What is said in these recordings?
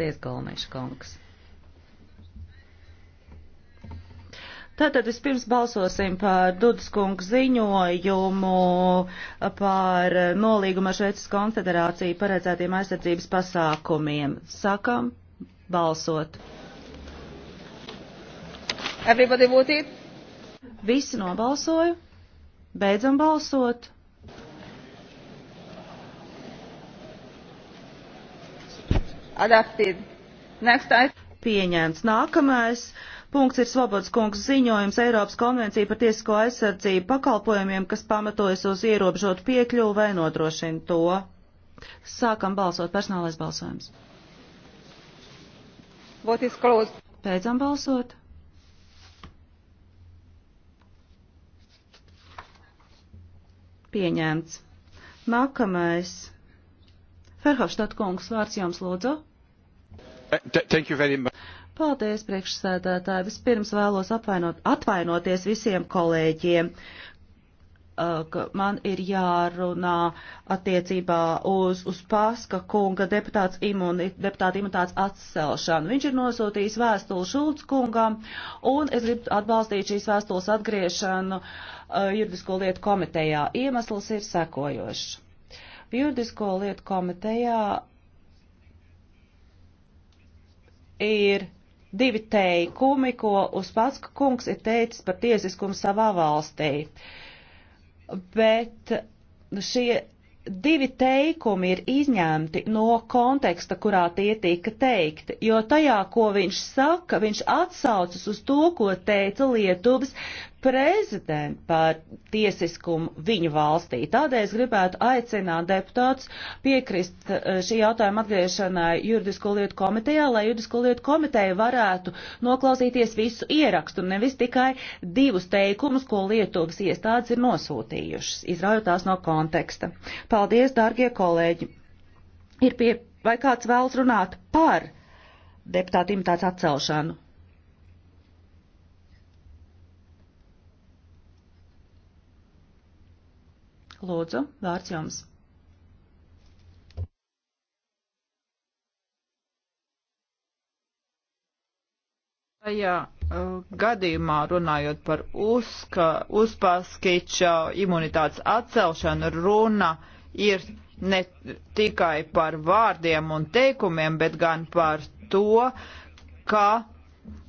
Paldies, Golniša kungs! Tātad vispirms balsosim par Dudaskungu ziņojumu par nolīgumu ar Šveicas konfederāciju paredzētiem aizsardzības pasākumiem. Sakam balsot. Everybody voted. Visi nobalsoju. Beidzam balsot. Adapted. Next item. Pieņemts. Nākamais punkts ir Svobods kungs ziņojums Eiropas konvencija par tiesisko aizsardzību pakalpojumiem, kas pamatojas uz ierobežotu piekļuvu vai nodrošina to. Sākam balsot personālais balsojums. Vot is closed. Beidzam balsot. Pieņemts. Nākamais. Ferhofstadt kungs, vārds jums lūdzu. Uh, Paldies, priekšsēdētāji. Vispirms vēlos apvainot, atvainoties visiem kolēģiem, uh, ka man ir jārunā attiecībā uz, uz Paska kunga deputāts imuni, deputāta imunitātes atcelšanu. Viņš ir nosūtījis vēstuli Šulc kungam, un es gribu atbalstīt šīs vēstules atgriešanu uh, juridisko lietu komitejā. Iemesls ir sekojošs. Juridisko lietu komitejā ir divi teikumi, ko Uspatska kungs ir teicis par tiesiskumu savā valstī. Bet šie divi teikumi ir izņemti no konteksta, kurā tie tika teikti, jo tajā, ko viņš saka, viņš atsaucas uz to, ko teica Lietuvas prezidentu par tiesiskumu viņu valstī. Tādēļ es gribētu aicināt deputātus piekrist eh, šī jautājuma atgriešanai juridisko lietu komitejā, lai juridisko lietu komiteja varētu noklausīties visu ierakstu, nevis tikai divus teikumus, ko Lietuvas iestādes ir nosūtījušas, izraujot tās no konteksta. Paldies, dārgie kolēģi! Ir pie, vai kāds vēlas runāt par deputātu imitāciju atcelšanu? Lūdzu, vārds jums. Tajā uh, gadījumā, runājot par uzka, uzpaskiča imunitātes atcelšanu, runa ir ne tikai par vārdiem un teikumiem, bet gan par to, ka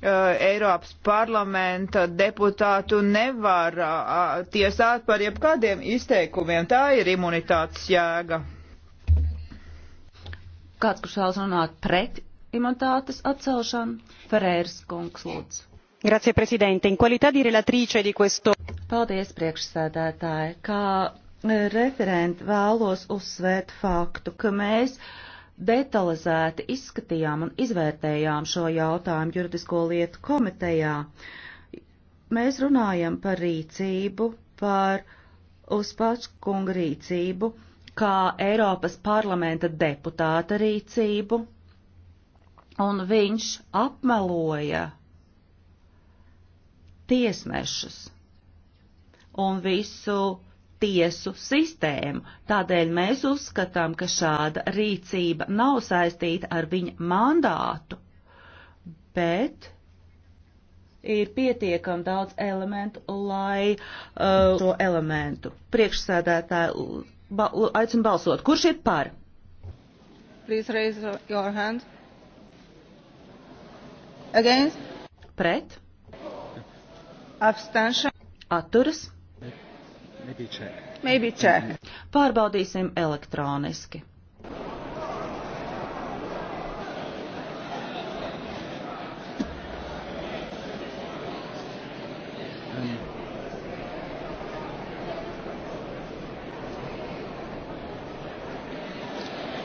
Eh, Eiropas parlamenta deputātu nevar eh, tiesāt par jebkādiem izteikumiem. Tā ir imunitātes jēga. Kāds, kurš vēlas runāt pret imunitātes atcelšanu? Ferērs kungs lūdzu. Grazie, prezidente. In qualità di relatrice di questo. Paldies, priekšsēdētāji. Kā referenti vēlos uzsvērt faktu, ka mēs uh, detalizēti izskatījām un izvērtējām šo jautājumu juridisko lietu komitejā. Mēs runājam par rīcību, par uzpačkunga rīcību, kā Eiropas parlamenta deputāta rīcību, un viņš apmeloja tiesnešus un visu tiesu sistēmu. Tādēļ mēs uzskatām, ka šāda rīcība nav saistīta ar viņa mandātu, bet ir pietiekami daudz elementu, lai uh, šo elementu priekšsēdētāju ba aicinu balsot. Kurš ir par? Please raise your hand. Against? Pret? Abstention. Atturas. Maybe check. Maybe check. Pārbaudīsim elektroniski.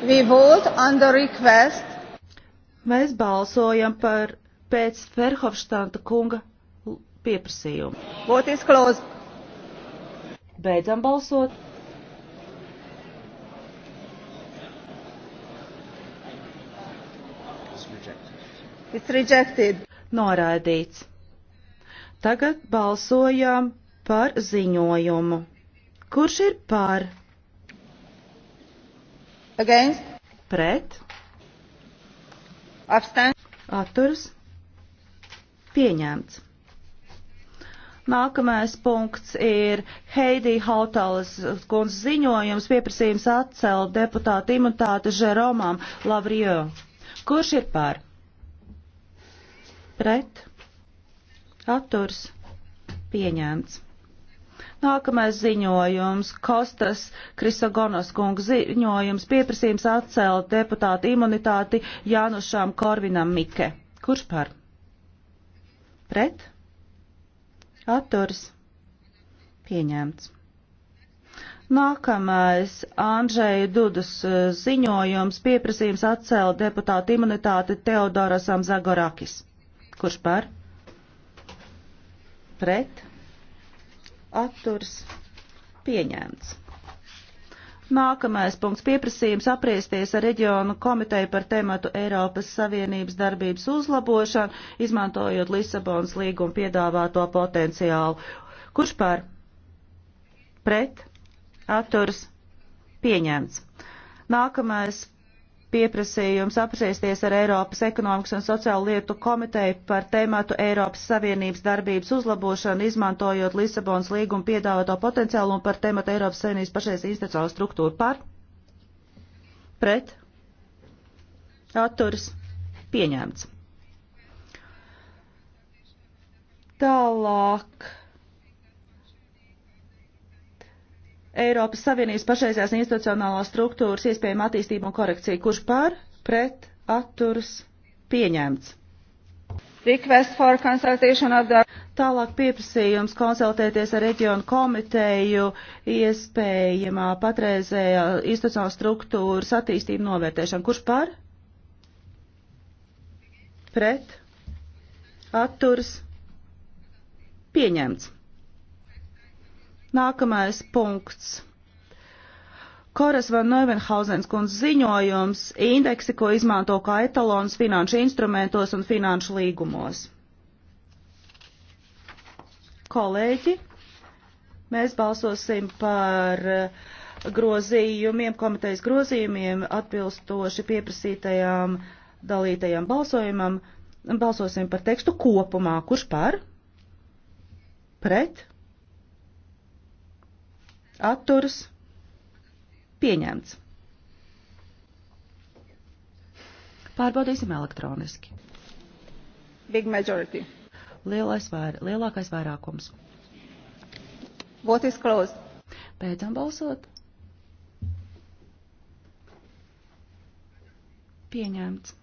We vote on the request. Mēs balsojam par pēc Ferhofštāta kunga pieprasījumu. Vote is closed. Beidzam balsot. It's rejected. Noraidīts. Tagad balsojam par ziņojumu. Kurš ir par? Against. Pret. Abstain. Atturs. Pieņemts. Nākamais punkts ir Heidi Hautalas kundzes ziņojums pieprasījums atcelt deputāta imunitāte Žeromam Lavrio. Kurš ir pār? Pret? Atturs? Pieņemts. Nākamais ziņojums - Kostas Krisogonas kungs ziņojums pieprasījums atcelt deputāta imunitāti Janušām Korvinam Mike. Kurš par? Pret? Atturs pieņemts. Nākamais Andrzeja Dudas eh, ziņojums pieprasījums atcelt deputātu imunitāti Teodorasam Zagorakis. Kurš par? Pret? Atturs pieņemts. Nākamais punkts - pieprasījums apriesties ar reģionu komiteju par tematu Eiropas Savienības darbības uzlabošanu, izmantojot Lisabonas līgumu piedāvāto potenciālu. Kurš par? Pret? Atturs? Pieņemts. Nākamais pieprasījums apsēsties ar Eiropas ekonomikas un sociālu lietu komiteju par tēmatu Eiropas Savienības darbības uzlabošanu, izmantojot Lisabonas līgumu piedāvāto potenciālu un par tēmatu Eiropas Savienības pašais institucionālo struktūru par, pret, atturas, pieņemts. Tālāk. Eiropas Savienības pašreizējās institucionālās struktūras iespējama attīstība un korekcija. Kurš par, pret, atturas, pieņemts. The... Tālāk pieprasījums konsultēties ar reģionu komiteju iespējamā patreizējā institucionālās struktūras attīstību novērtēšanu. Kurš par? Pret, atturas, pieņemts. Nākamais punkts. Koras van Neuvenhausens kundz ziņojums - indeksi, ko izmanto kā etalons finanšu instrumentos un finanšu līgumos. Kolēģi, mēs balsosim par eh, grozījumiem, komitejas grozījumiem atbilstoši pieprasītajām dalītajām balsojumam. Balsosim par tekstu kopumā. Kurš par? Pret? atturas pieņemts. Pārbaudīsim elektroniski. Big majority. Lielais vair, lielākais vairākums. Vote is closed. Beidzam balsot. Pieņemts.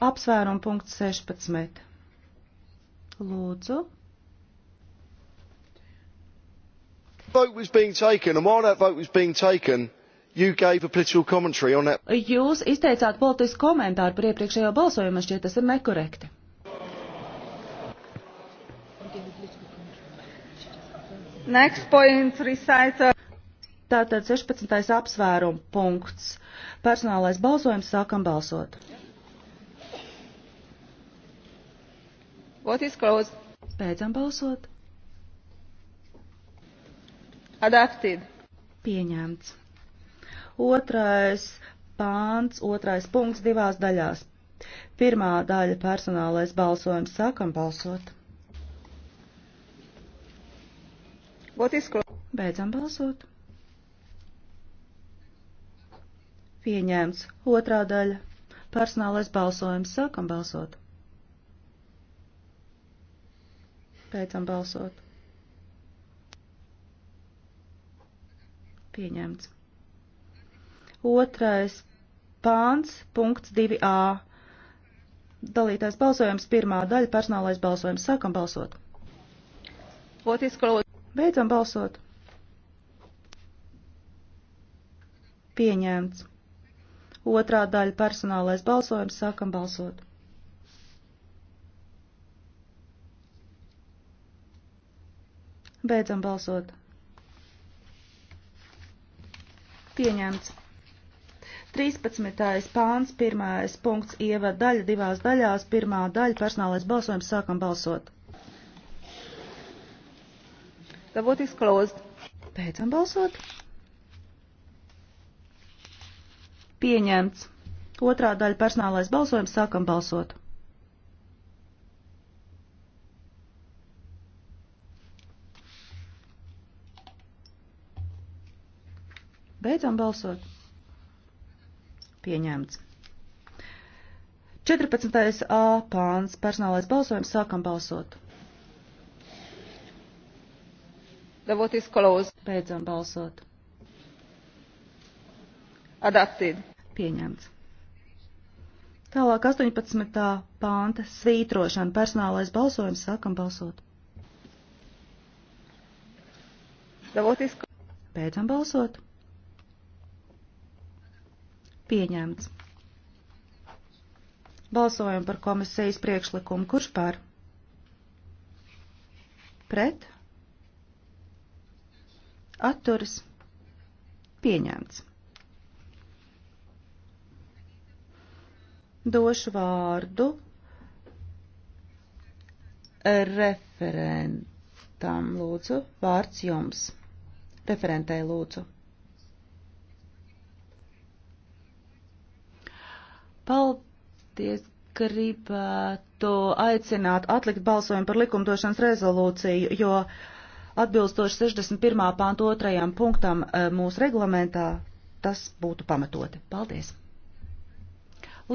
Apsvērumu punkts 16. Lūdzu. Jūs izteicāt politisku komentāru par iepriekšējo balsojumu, šķiet tas ir nekorekti. Next point, recital. Tātad 16. apsvērumu punkts. Personālais balsojums sākam balsot. What is closed? Beidzam balsot. Adapted. Pieņemts. Otrais pāns, otrais punkts divās daļās. Pirmā daļa personālais balsojums. Sākam balsot. Būtisko. Beidzam balsot. Pieņemts. Otrā daļa. Personālais balsojums. Sākam balsot. Beidzam balsot. Pieņemts. Otrais pāns, punkts 2a. Dalītais balsojums, pirmā daļa, personālais balsojums. Sākam balsot. Beidzam balsot. Pieņemts. Otrā daļa personālais balsojums. Sākam balsot. Beidzam balsot. Pieņemts. 13. pāns, 1. punkts, ievada daļa divās daļās, pirmā daļa personālais balsojums, sākam balsot. The vote is closed. Beidzam balsot. Pieņemts. Otrā daļa personālais balsojums, sākam balsot. Beidzam balsot. Pieņemts. 14. A pāns personālais balsojums. Sākam balsot. The vote is closed. Beidzam balsot. Adapted. Pieņemts. Tālāk 18. pānta svītrošana personālais balsojums. Sākam balsot. The vote is closed. Beidzam balsot. Pieņemts. Balsojam par komisijas priekšlikumu. Kurš par? Pret? Atturas? Pieņemts. Došu vārdu referentam lūdzu, vārds jums. Referentei lūdzu. Paldies! Gribētu aicināt atlikt balsojumu par likumdošanas rezolūciju, jo atbilstoši 61. pāntu otrajam punktam eh, mūsu reglamentā tas būtu pamatoti. Paldies!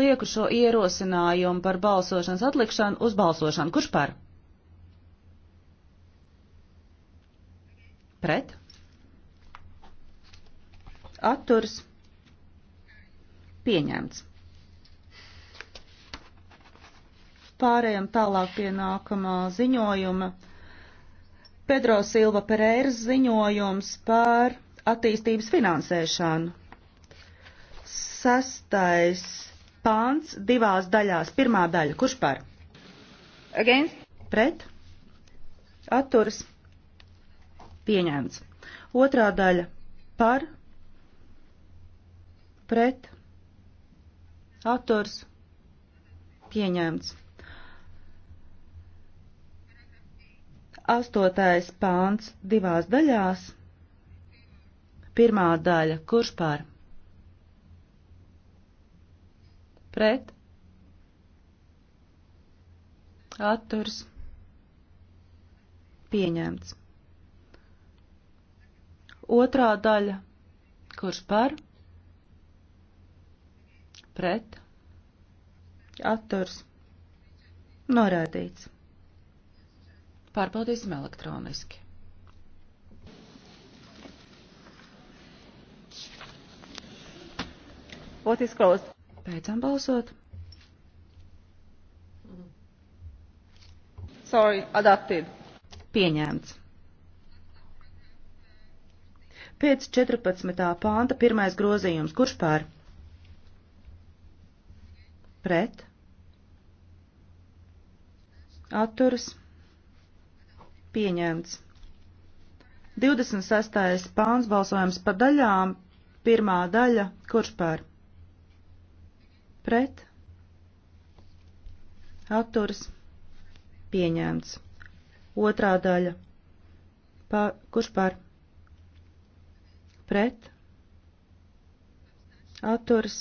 Lieku šo ierosinājumu par balsošanas atlikšanu uz balsošanu. Kurš par? Pret? Atturs? Pieņemts. Pārējām tālāk pie nākamā ziņojuma. Pedro Silva Pereiras ziņojums par attīstības finansēšanu. Sastais pāns divās daļās. Pirmā daļa. Kurš par? Against. Pret. Atturas. Pieņemts. Otrā daļa. Par. Pret. Atturs. Pieņemts. Astotais pāns divās daļās. Pirmā daļa, kurš par? Pret? Atturs? Pieņemts. Otrā daļa, kurš par? Pret? Atturs? Norādīts. Pārbaudīsim elektroniski. Vote is closed. Beidzam balsot. Sorry, adopted. Pieņemts. Pēc 14. pānta pirmais grozījums. Kurš pār? Pret. Atturas. Pieņemts. 26. pāns balsojums pa daļām. Pirmā daļa. Kurš par? Pret. Atturs. Pieņemts. Otrā daļa. Pa, kurš par? Pret. Atturs.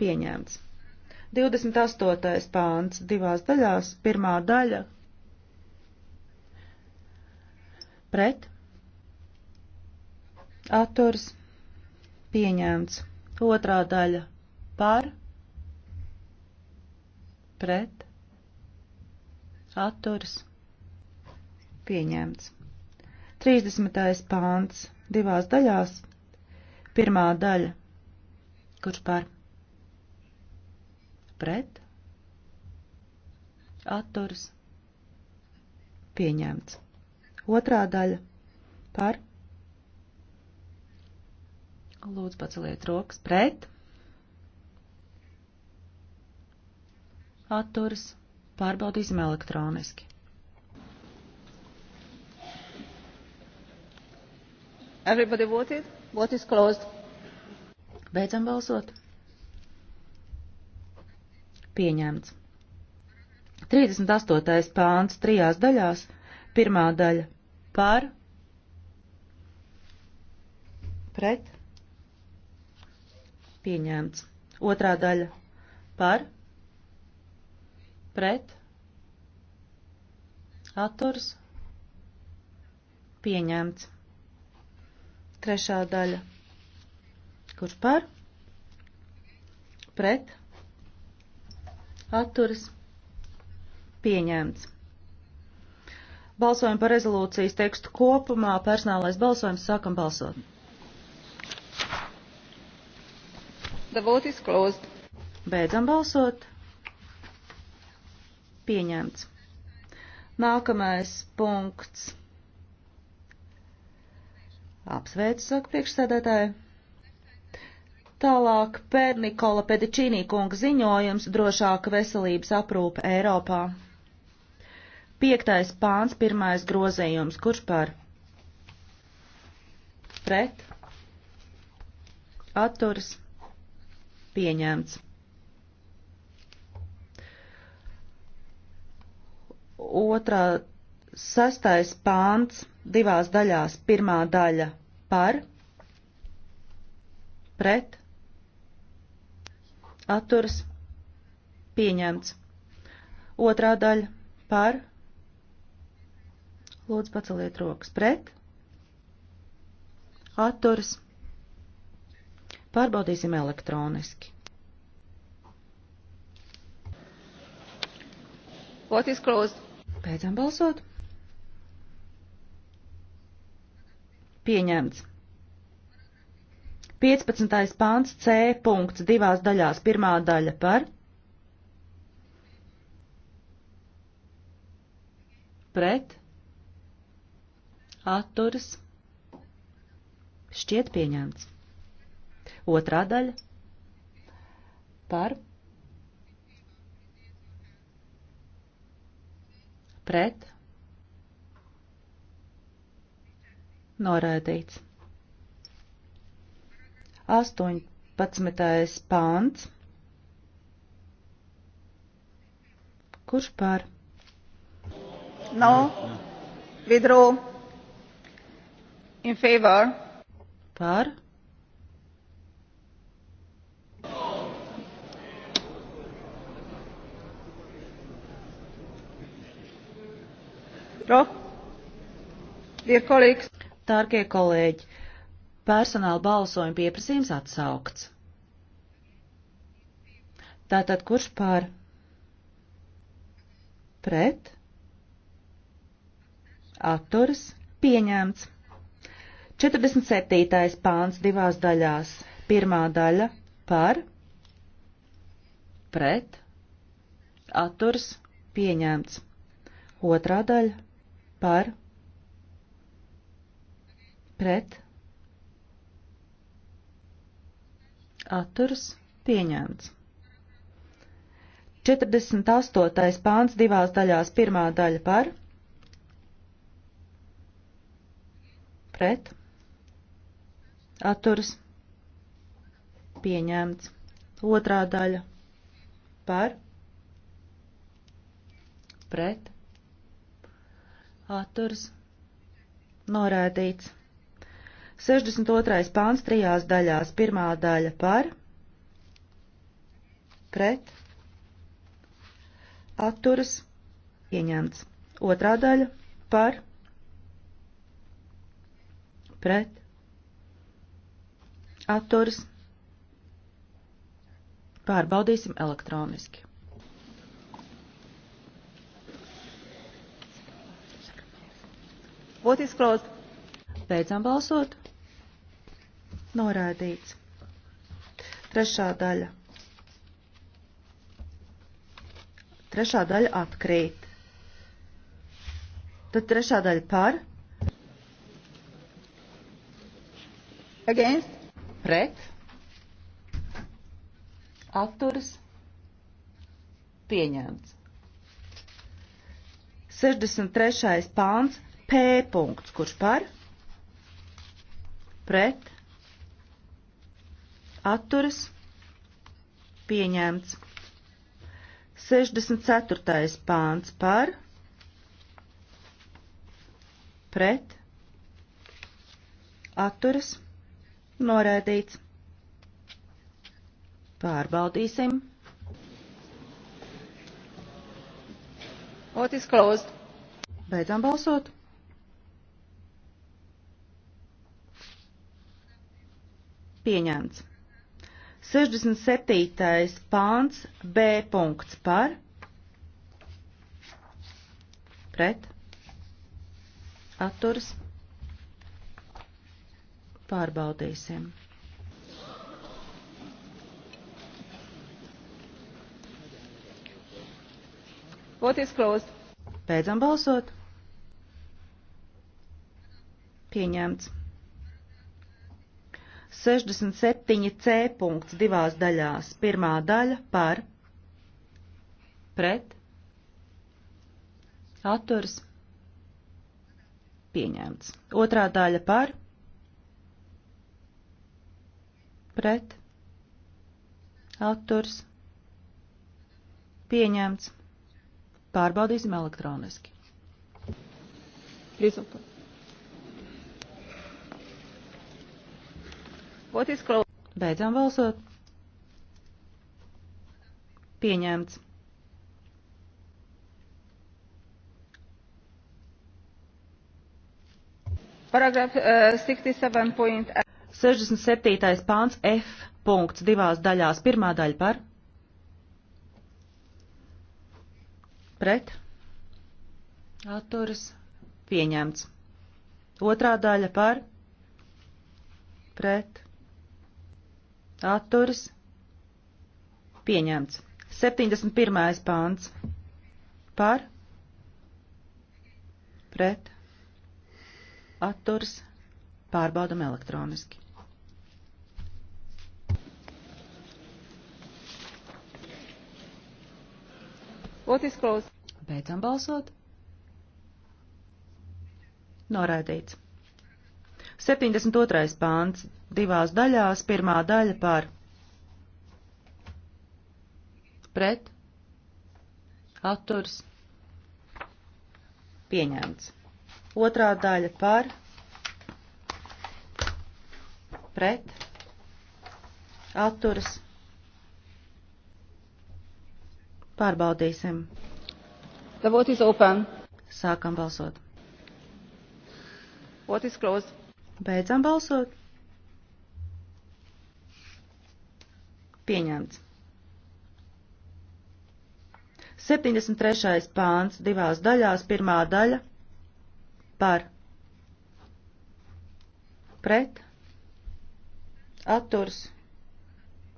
Pieņemts. 28. pāns divās daļās. Pirmā daļa. pret, atturs, pieņemts. Otrā daļa par, pret, atturs, pieņemts. 30. pāns divās daļās. Pirmā daļa, kurš par, pret, atturs, pieņemts. Otrā daļa par. Lūdzu, paceliet rokas pret. Atturas. Pārbaudīsim elektroniski. Everybody voted? Vote is closed. Beidzam balsot. Pieņemts. 38. pāns trijās daļās. Pirmā daļa par pret pieņemts. Otrā daļa par pret atturs pieņemts. Trešā daļa kurš par pret atturs pieņemts. Balsojam par rezolūcijas tekstu kopumā. Personālais balsojums. Sākam balsot. The vote is closed. Beidzam balsot. Pieņemts. Nākamais punkts. Apsveicu, saka priekšsēdētāji. Tālāk pēr Nikola Pedičīnī kunga ziņojums drošāka veselības aprūpe Eiropā. Piektais pāns, pirmais grozījums, kurš par? Pret. Atturs. Pieņemts. Otrā, sastais pāns divās daļās. Pirmā daļa par, pret, atturs, pieņemts. Otrā daļa par, pret Lūdzu, paceliet rokas pret. Atturs. Pārbaudīsim elektroniski. Vot izklaust. Beidzam balsot. Pieņemts. 15. pāns C punkts divās daļās. Pirmā daļa par. Pret atturas šķiet pieņemts. Otrā daļa par pret noraidīts. 18. pāns. Kurš par? No, vidrū. In favor. Par. Pro. Dear colleagues. Tārkie kolēģi, personāla balsojuma pieprasījums atsaukts. Tātad kurš pār? Pret? Atturs? Pieņemts. 47. pāns divās daļās. Pirmā daļa par, pret, atturs, pieņemts. Otrā daļa par, pret, atturs, pieņemts. 48. pāns divās daļās. Pirmā daļa par, pret, atturs, pieņemts atturas pieņemts. Otrā daļa par pret atturas norādīts. 62. pāns trijās daļās. Pirmā daļa par pret atturas pieņemts. Otrā daļa par pret atturas. Pārbaudīsim elektroniski. Votis closed. Beidzam balsot. Norādīts. Trešā daļa. Trešā daļa atkrīt. Tad trešā daļa par. Against pret, atturas, pieņemts. 63. pāns P punkts, kurš par, pret, atturas, pieņemts. 64. pāns par, pret, atturas, pieņemts Noraidīts. Pārbaudīsim. Vote is closed. Beidzam balsot. Pieņemts. 67. pāns B punkts par. Pret. Atturas. Pārbaudīsim. Vote is closed. Beidzam balsot. Pieņemts. 67C punkts divās daļās. Pirmā daļa par, pret, atturs, pieņemts. Otrā daļa par, pret pret, atturs, pieņemts. Pārbaudīsim elektroniski. Prizupa. Beidzam balsot. Pieņemts. Paragraf uh, eh, 67.1. 67. pāns F punkts divās daļās. Pirmā daļa par. Pret. Atturas. Pieņemts. Otrā daļa par. Pret. Atturas. Pieņemts. 71. pāns. Par. Pret. Atturas. Pārbaudam elektroniski. Beidzam balsot. Noraidīts. 72. pāns divās daļās, pirmā daļa par pret, atturs, pieņemts. Otrā daļa par pret pret, atturas. Pārbaudīsim. The vote is open. Sākam balsot. Vote is closed. Beidzam balsot. Pieņemts. 73. pāns divās daļās, pirmā daļa par pret atturs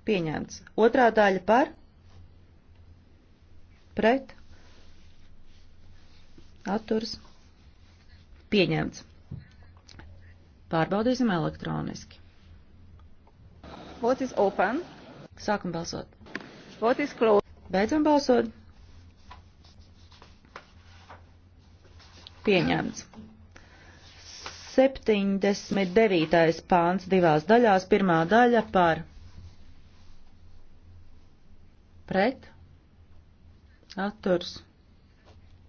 pieņemts. Otrā daļa par pret atturs pieņemts. Pārbaudīsim elektroniski. Vote is open. Sākam balsot. Vote is closed. Beidzam balsot. Pieņemts. 79. pāns divās daļās. Pirmā daļa par pret atturs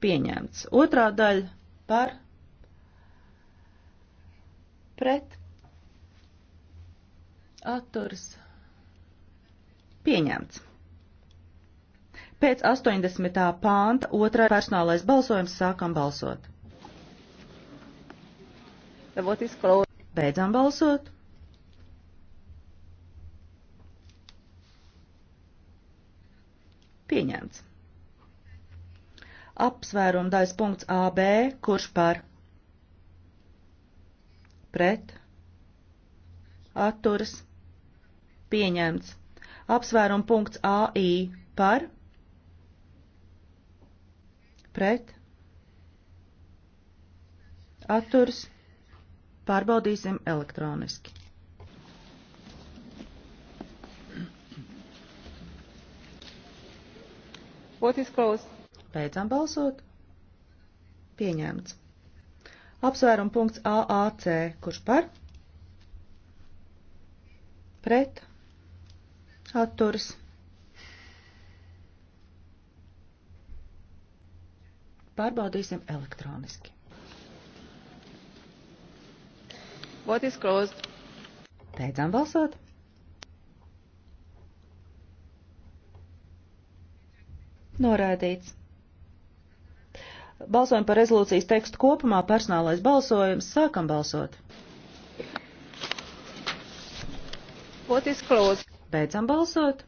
pieņemts. Otrā daļa par pret atturs pieņemts. Pēc 80. pānta otrais personālais balsojums sākam balsot. The vote is closed. Beidzam balsot. Pieņemts. Apsvērumu daļas punkts AB, kurš par pret atturas pieņemts. Apsvērumu punkts AI par pret atturas pieņemts Pārbaudīsim elektroniski. Vote is closed. Beidzam balsot. Pieņemts. Apsvērum punkts AAC. Kurš par? Pret. Atturas. Pārbaudīsim elektroniski. Vote is closed. Beidzām balsot. Norādīts. Balsojam par rezolūcijas tekstu kopumā, personālais balsojums, sākam balsot. Vote is closed. Beidzam balsot.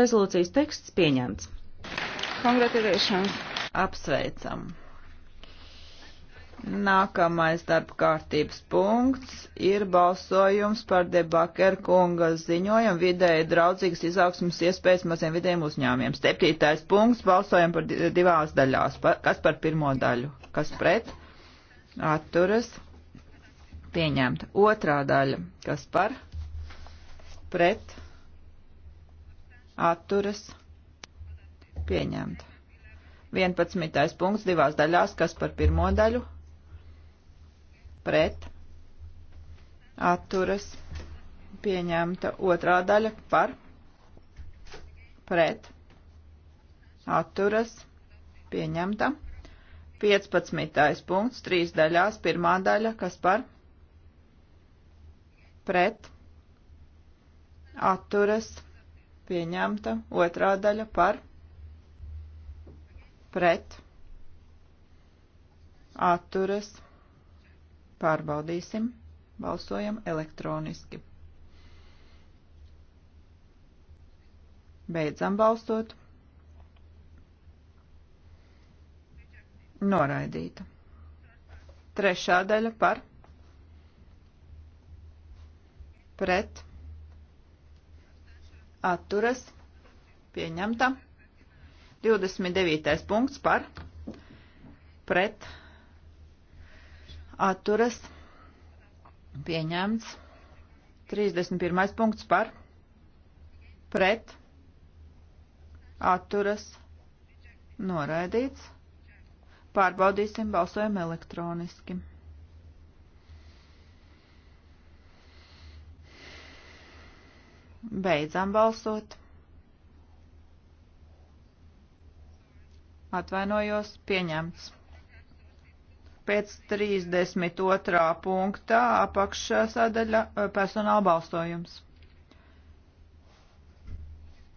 Rezolūcijas teksts pieņemts. Congratulations! Apsveicam! Nākamais darba kārtības punkts ir balsojums par debakeru kunga ziņojumu vidēji draudzīgas izaugsmas iespējas maziem vidējiem uzņēmiem. Septītais punkts balsojam par divās daļās. Kas par pirmo daļu? Kas pret? Atturas. Pieņemta. Otrā daļa. Kas par? Pret. Atturas. Pieņemta. 11. punkts divās daļās, kas par pirmo daļu pret atturas pieņemta otrā daļa par pret atturas pieņemta 15. punkts trīs daļās pirmā daļa kas par pret atturas pieņemta otrā daļa par pret atturas pieņemta Pārbaudīsim. Balsojam elektroniski. Beidzam balstot. Noraidīta. Trešā daļa par pret atturas pieņemta. 29. punkts par pret atturas atturas pieņemts. 31. punkts par pret atturas noraidīts. Pārbaudīsim, balsojam elektroniski. Beidzam balsot. Atvainojos, pieņemts pēc 32. punktā apakšā sadaļa eh, personāla balsojums.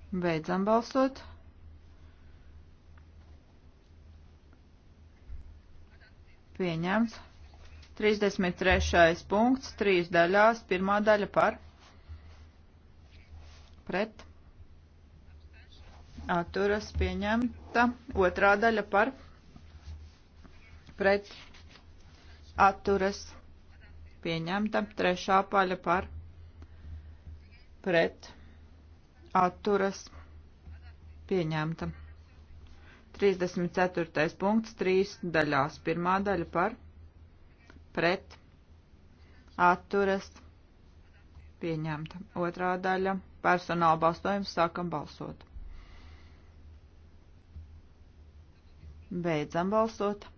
Beidzam balsot. Pieņemts. 33. punkts, trīs daļās, pirmā daļa par pret. Atturas pieņemta, otrā daļa par pret atturas pieņemta. Trešā paļa par pret atturas pieņemta. 34. punkts, 3 daļās. Pirmā daļa par pret, atturas, pieņemta. Otrā daļa personāla balsojums, sākam balsot. Beidzam balsot.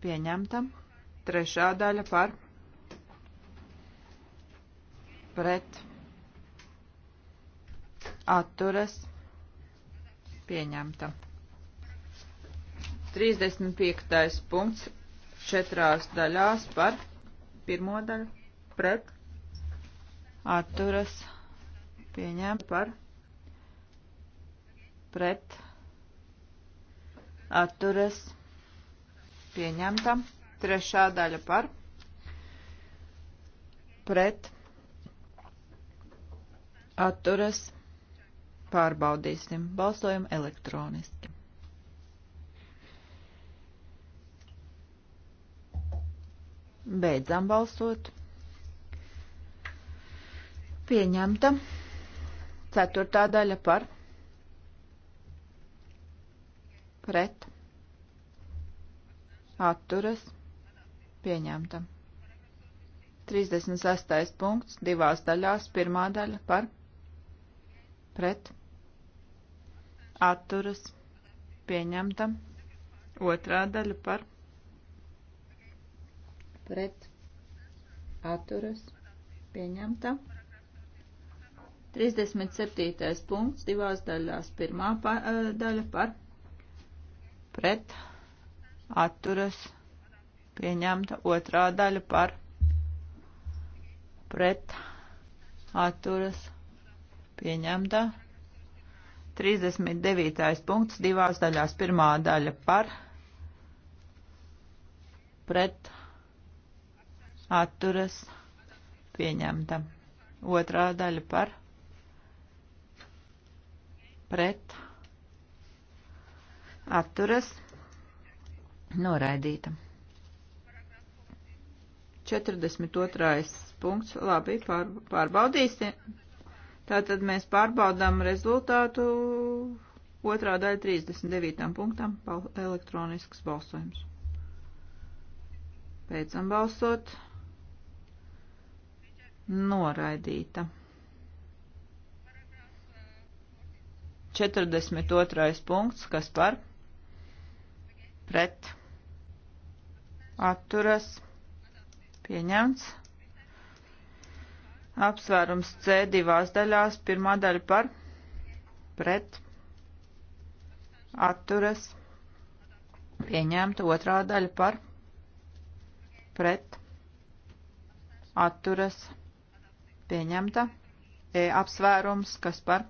pieņemta. Trešā daļa par pret atturas pieņemta. 35. punkts četrās daļās par pirmo daļu pret atturas pieņemt par pret atturas pieņemt pieņemta. Trešā daļa par pret atturas pārbaudīsim. Balsojam elektroniski. Beidzam balsot. Pieņemta. Ceturtā daļa par pret atturas pieņemta. 36. punkts divās daļās, pirmā daļa par pret atturas pieņemta, otrā daļa par pret atturas pieņemta. 37. punkts divās daļās, pirmā pa, eh, daļa par pret atturas atturas pieņemta otrā daļa par pret atturas pieņemta 39. punkts divās daļās. Pirmā daļa par pret atturas pieņemta. Otrā daļa par pret atturas pieņemta Noraidīta. 42. punkts. Labi, pār, pārbaudīsim. Tātad mēs pārbaudām rezultātu otrā daļa 39. punktam elektronisks balsojums. Beidzam balsot. Noraidīta. 42. punkts, kas par? Pret atturas pieņemts. Apsvērums C divās daļās. Pirmā daļa par pret atturas pieņemta. Otrā daļa par pret atturas pieņemta. E apsvērums, kas par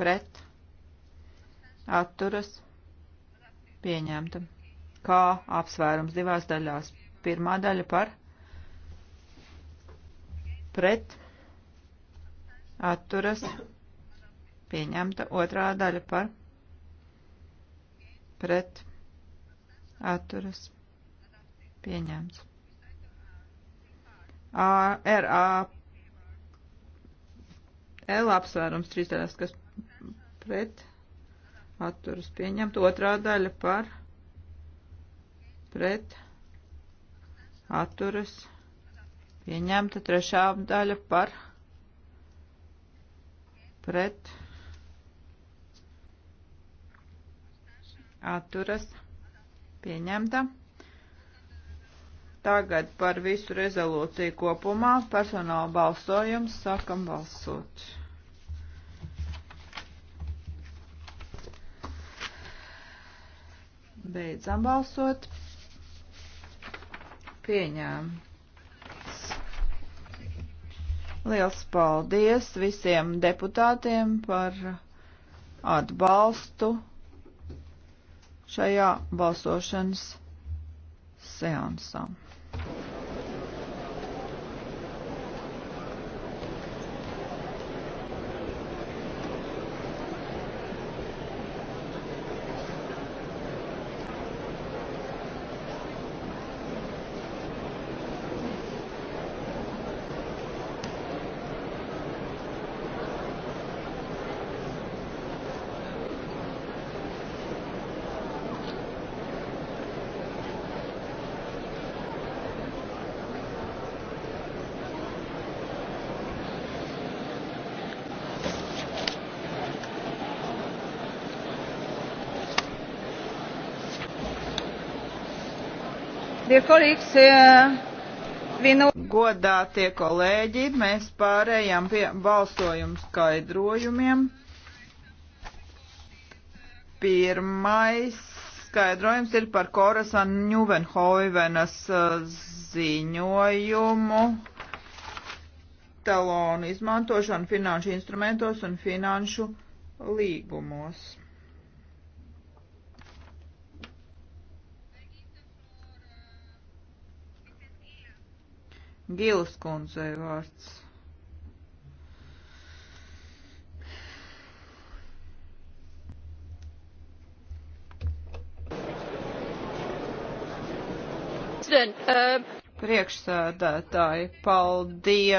pret atturas pieņemta kā apsvērums divās daļās. Pirmā daļa par pret atturas pieņemta, otrā daļa par pret atturas pieņemts. A, R, A, L apsvērums trīs daļās, kas pret atturas pieņemta, otrā daļa par pret pret atturas pieņemta trešā daļa par pret atturas pieņemta. Tagad par visu rezolūciju kopumā personāla balsojums sākam balsot. Beidzam balsot pieņēmts. Liels paldies visiem deputātiem par atbalstu šajā balsošanas seansā. Uh, Godātie kolēģi, mēs pārējām pie balsojumu skaidrojumiem. Pirmais skaidrojums ir par Korasan Ņuvenhoivenas uh, ziņojumu talonu izmantošanu finanšu instrumentos un finanšu līgumos. Gilas kundzei vārds. Uh, Priekšsēdētāji, paldies!